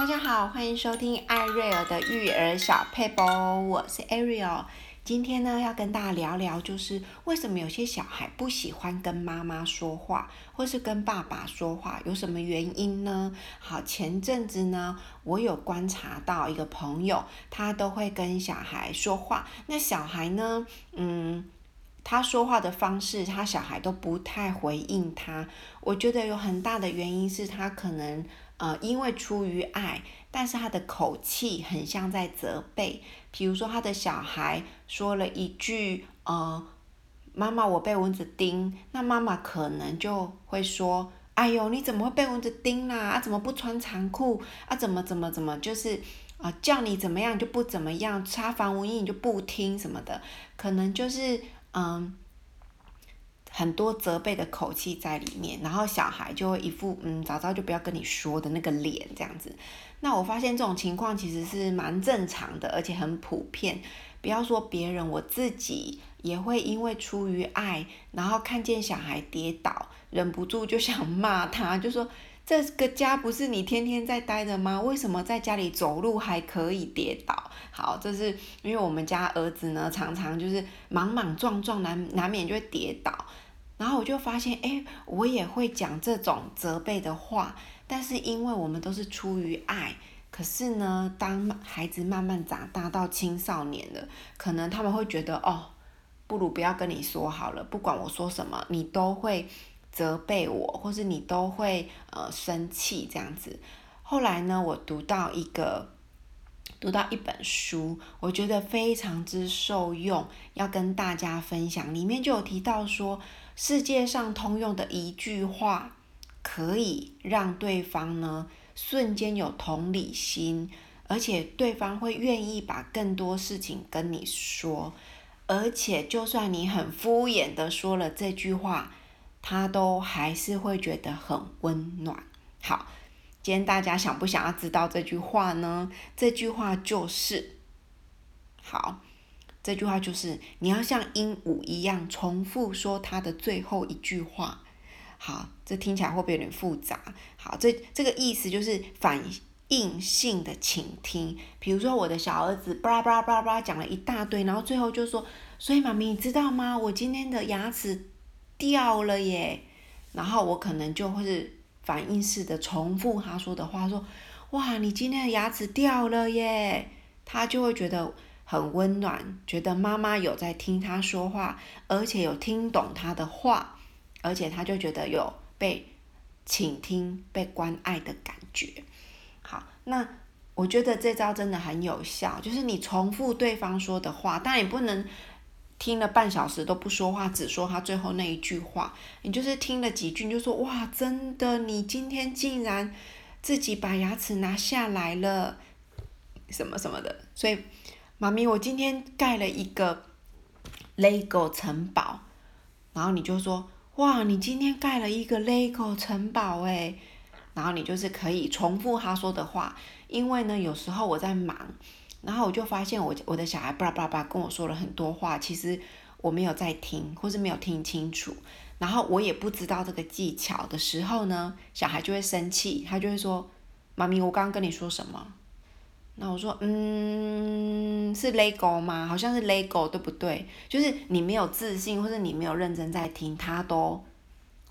大家好，歡迎收聽艾瑞爾的育兒小佩波，我是艾瑞爾。今天呢，要跟大家聊聊，就是為什麼有些小孩不喜歡跟媽媽說話，或是跟爸爸說話，有什麼原因呢？好，前陣子呢，我有觀察到一個朋友，他都會跟小孩說話，那小孩呢，嗯，他說話的方式，他小孩都不太回應他。我覺得有很大的原因是他可能。呃，因為出於愛，但是他的口氣很像在責備。比如說，他的小孩說了一句：“呃，媽媽，我被蚊子叮。”那媽媽可能就會說：“哎呦，你怎麼會被蚊子叮啦，啊？啊，怎麼不穿長褲？啊，怎麼怎麼怎麼，就是啊，呃，叫你怎麼樣就不怎麼樣，擦防蚊液你就不聽什麼的，可能就是嗯。呃”很多責備的口氣在裡面，然後小孩就會一副嗯，早早就不要跟你說的那個臉這樣子。那我發現這種情況其實是蠻正常的，而且很普遍。不要說別人，我自己也會因為出於愛，然後看見小孩跌倒，忍不住就想罵他，就說這個家不是你天天在待的嗎？為什麼在家裡走路還可以跌倒？好，這是因為我們家兒子呢，常常就是莽莽撞撞，難難免就會跌倒。然後我就發現，誒，我也會講這種責備的話，但是因為我們都是出於愛。可是呢，當孩子慢慢長大到青少年了，可能他們會覺得哦，不如不要跟你說好了，不管我說什麼，你都會責備我，或是你都會呃生氣這樣子。後來呢，我讀到一個。讀到一本書，我覺得非常之受用，要跟大家分享。裡面就有提到說，世界上通用的一句話，可以讓對方呢瞬間有同理心，而且對方會願意把更多事情跟你說。而且就算你很敷衍地說了這句話，他都還是會覺得很溫暖。好。今天大家想不想要知道這句話呢？這句話就是，好，這句話就是你要像鸚鵡一樣重複說它的最後一句話。好，這聽起來會不會有點複雜？好，這這個意思就是反應性的傾聽。比如說我的小兒子，巴拉巴拉巴拉巴拉講了一大堆，然後最後就說：“所以，媽咪，你知道嗎？我今天的牙齒掉了耶。”然後我可能就會是。反應式的重複他說的話，說，哇，你今天的牙齒掉了耶，他就會覺得很溫暖，覺得媽媽有在聽他說話，而且有聽懂他的話，而且他就覺得有被傾聽、被關愛的感覺。好，那我覺得這招真的很有效，就是你重複對方說的話，但也不能。聽了半小時都不說話，只說他最後那一句話。你就是聽了幾句，就說，哇，真的，你今天竟然自己把牙齒拿下來了，什麼什麼的。所以，媽咪，我今天蓋了一個，LEGO 城堡，然後你就說哇，你今天蓋了一個 LEGO 城堡哎，然後你就是可以重複他說的話，因為呢，有時候我在忙。然後我就發現我，我我的小孩叭叭叭跟我說了很多話，其實我沒有在聽，或是沒有聽清楚。然後我也不知道這個技巧的時候呢，小孩就會生氣，他就會說：“媽咪，我剛剛跟你說什麼？”那我說：“嗯，是 LEGO 嗎？好像是 LEGO，對不對？就是你沒有自信，或是你沒有認真在聽，他都，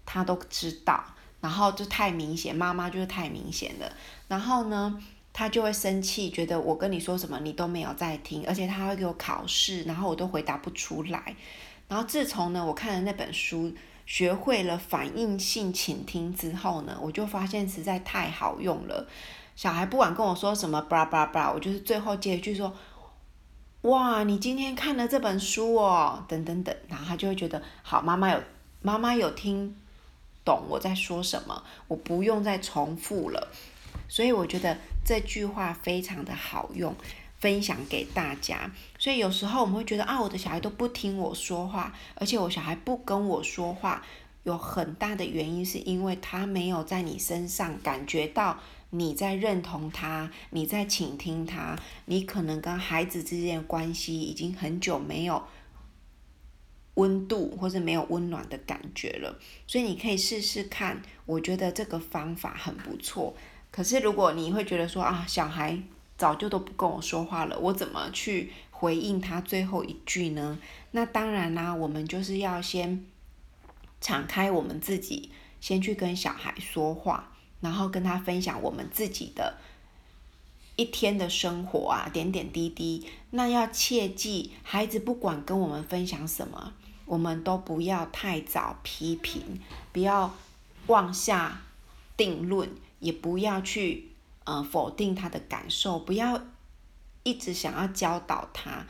他都知道。然後就太明顯，媽媽就是太明顯了。然後呢？”他就會生氣，覺得我跟你說什麼你都沒有在聽，而且他會給我考試，然後我都回答不出來。然後自從呢，我看了那本書，學會了反應性傾聽之後呢，我就發現實在太好用了。小孩不管跟我說什麼，吧啦吧啦吧啦，我就是最後接一句說，哇，你今天看了這本書哦，等等等，然後他就會覺得好，媽媽有媽媽有聽懂我在說什麼，我不用再重複了。所以我覺得。這句話非常的好用，分享給大家。所以有時候我們會覺得啊，我的小孩都不聽我說話，而且我小孩不跟我說話，有很大的原因是因為他沒有在你身上感覺到你在認同他，你在傾聽他。你可能跟孩子之間的關係已經很久沒有溫度或者沒有溫暖的感覺了。所以你可以試試看，我覺得這個方法很不錯。可是，如果你會覺得說啊，小孩早就都不跟我說話了，我怎麼去回應他最後一句呢？那當然啦、啊，我們就是要先敞開我們自己，先去跟小孩說話，然後跟他分享我們自己的一天的生活啊，點點滴滴。那要切記，孩子不管跟我們分享什麼，我們都不要太早批評，不要妄下定論。也不要去，呃，否定他的感受，不要一直想要教導他，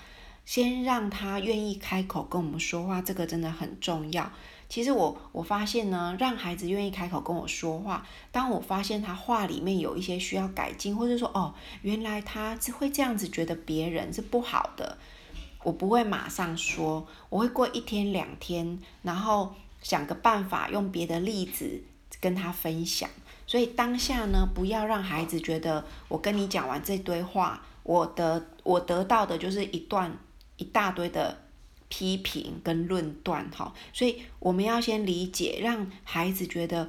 先讓他願意開口跟我們說話，這個真的很重要。其實我我發現呢，讓孩子願意開口跟我說話，當我發現他話裡面有一些需要改進，或者說哦，原來他只會這樣子覺得別人是不好的，我不會馬上說，我會過一天兩天，然後想個辦法用別的例子跟他分享。所以當下呢，不要讓孩子覺得我跟你講完這堆話，我得我得到的就是一段一大堆的批評跟論斷，哈。所以我們要先理解，讓孩子覺得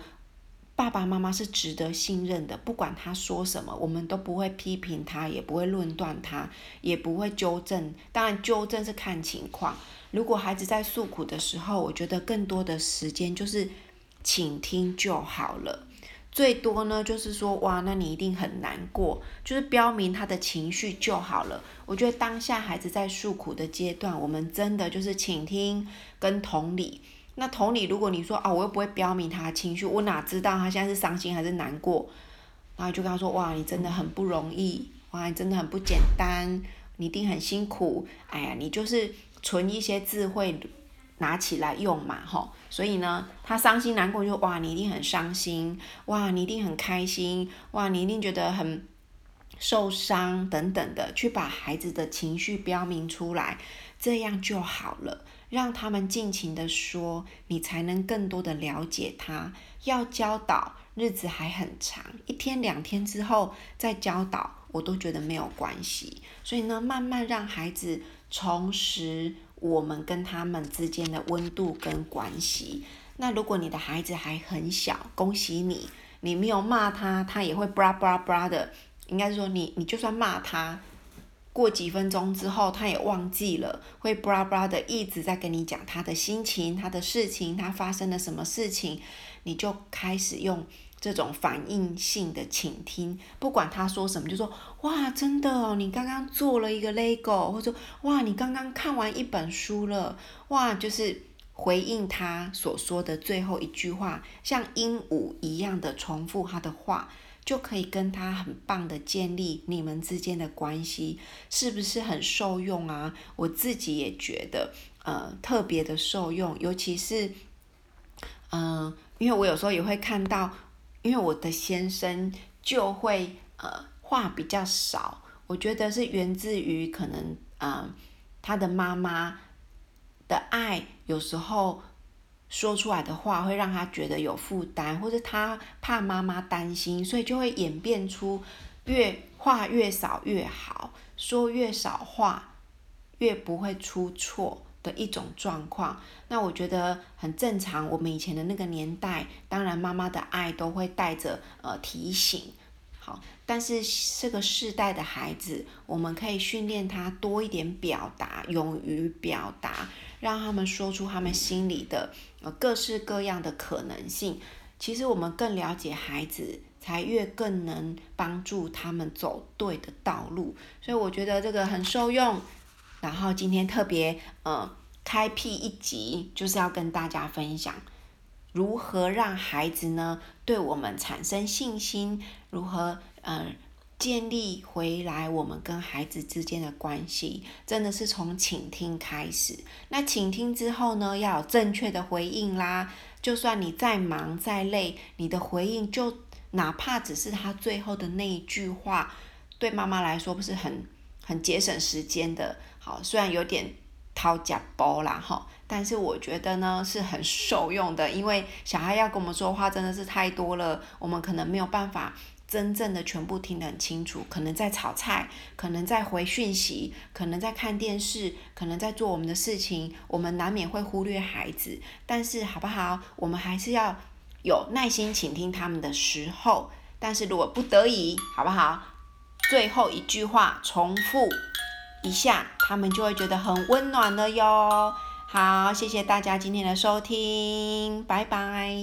爸爸媽媽是值得信任的，不管他說什麼，我們都不會批評他，也不會論斷他，也不會糾正。當然，糾正是看情況。如果孩子在訴苦的時候，我覺得更多的時間就是傾聽就好了。最多呢，就是說，哇，那你一定很難過，就是標明他的情緒就好了。我覺得當下孩子在訴苦的階段，我們真的就是傾聽跟同理。那同理，如果你說，啊，我又不會標明他的情緒，我哪知道他現在是傷心還是難過？然後就跟他說，哇，你真的很不容易，哇，你真的很不簡單，你一定很辛苦。哎呀，你就是存一些智慧，拿起來用嘛，所以呢，他傷心難過就哇，你一定很傷心，哇，你一定很開心，哇，你一定覺得很受傷等等的，去把孩子的情緒標明出來，這樣就好了，讓他們盡情的說，你才能更多的了解他。要教導，日子還很長，一天兩天之後再教導，我都覺得沒有關係。所以呢，慢慢讓孩子重拾。我們跟他們之間的溫度跟關係。那如果你的孩子還很小，恭喜你，你沒有罵他，他也會布拉布拉布拉的。應該說你，你就算罵他，過幾分鐘之後，他也忘記了，會布拉布拉的一直在跟你講他的心情、他的事情、他發生了什麼事情，你就開始用，這種反應性的傾聽，不管他說什麼，就說哇，真的哦，你剛剛做了一個 LEGO，或者說哇，你剛剛看完一本書了，哇，就是回應他所說的最後一句話，像鸚鵡一樣的重複他的話，就可以跟他很棒的建立你們之間的關係，是不是很受用啊？我自己也覺得，呃，特別的受用，尤其是，嗯、呃，因為我有時候也會看到。因為我的先生就會呃話比較少，我覺得是源自於可能啊、呃、他的媽媽的愛有時候說出來的話會讓他覺得有負擔，或者他怕媽媽擔心，所以就會演變出越話越少越好，說越少話越不會出錯，的一種狀況，那我覺得很正常。我們以前的那個年代，當然媽媽的愛都會帶着呃提醒，好，但是這個世代的孩子，我們可以訓練他多一點表達，勇於表達，讓他們說出他們心裡的呃各式各樣的可能性。其實我們更了解孩子，才越更能幫助他們走對的道路。所以我覺得這個很受用。然後今天特別嗯、呃、開闢一集，就是要跟大家分享如何讓孩子呢，對我們產生信心，如何嗯、呃、建立回來我們跟孩子之間的關係，真的是從傾聽開始。那傾聽之後呢，要有正確的回應啦。就算你再忙再累，你的回應就哪怕只是他最後的那一句話，對媽媽來說不是很。很節省時間的，好，雖然有點偷吃步啦哈，但是我覺得呢，是很受用的，因為小孩要跟我們說話真的是太多了，我們可能沒有辦法真正的全部聽得很清楚，可能在炒菜，可能在回訊息，可能在看電視，可能在做我們的事情，我們難免會忽略孩子，但是好不好，我們還是要有耐心傾聽他們的時候，但是如果不得已，好不好？最後一句話重複一下，他們就會覺得很溫暖了喲。好，謝謝大家今天的收聽，拜拜。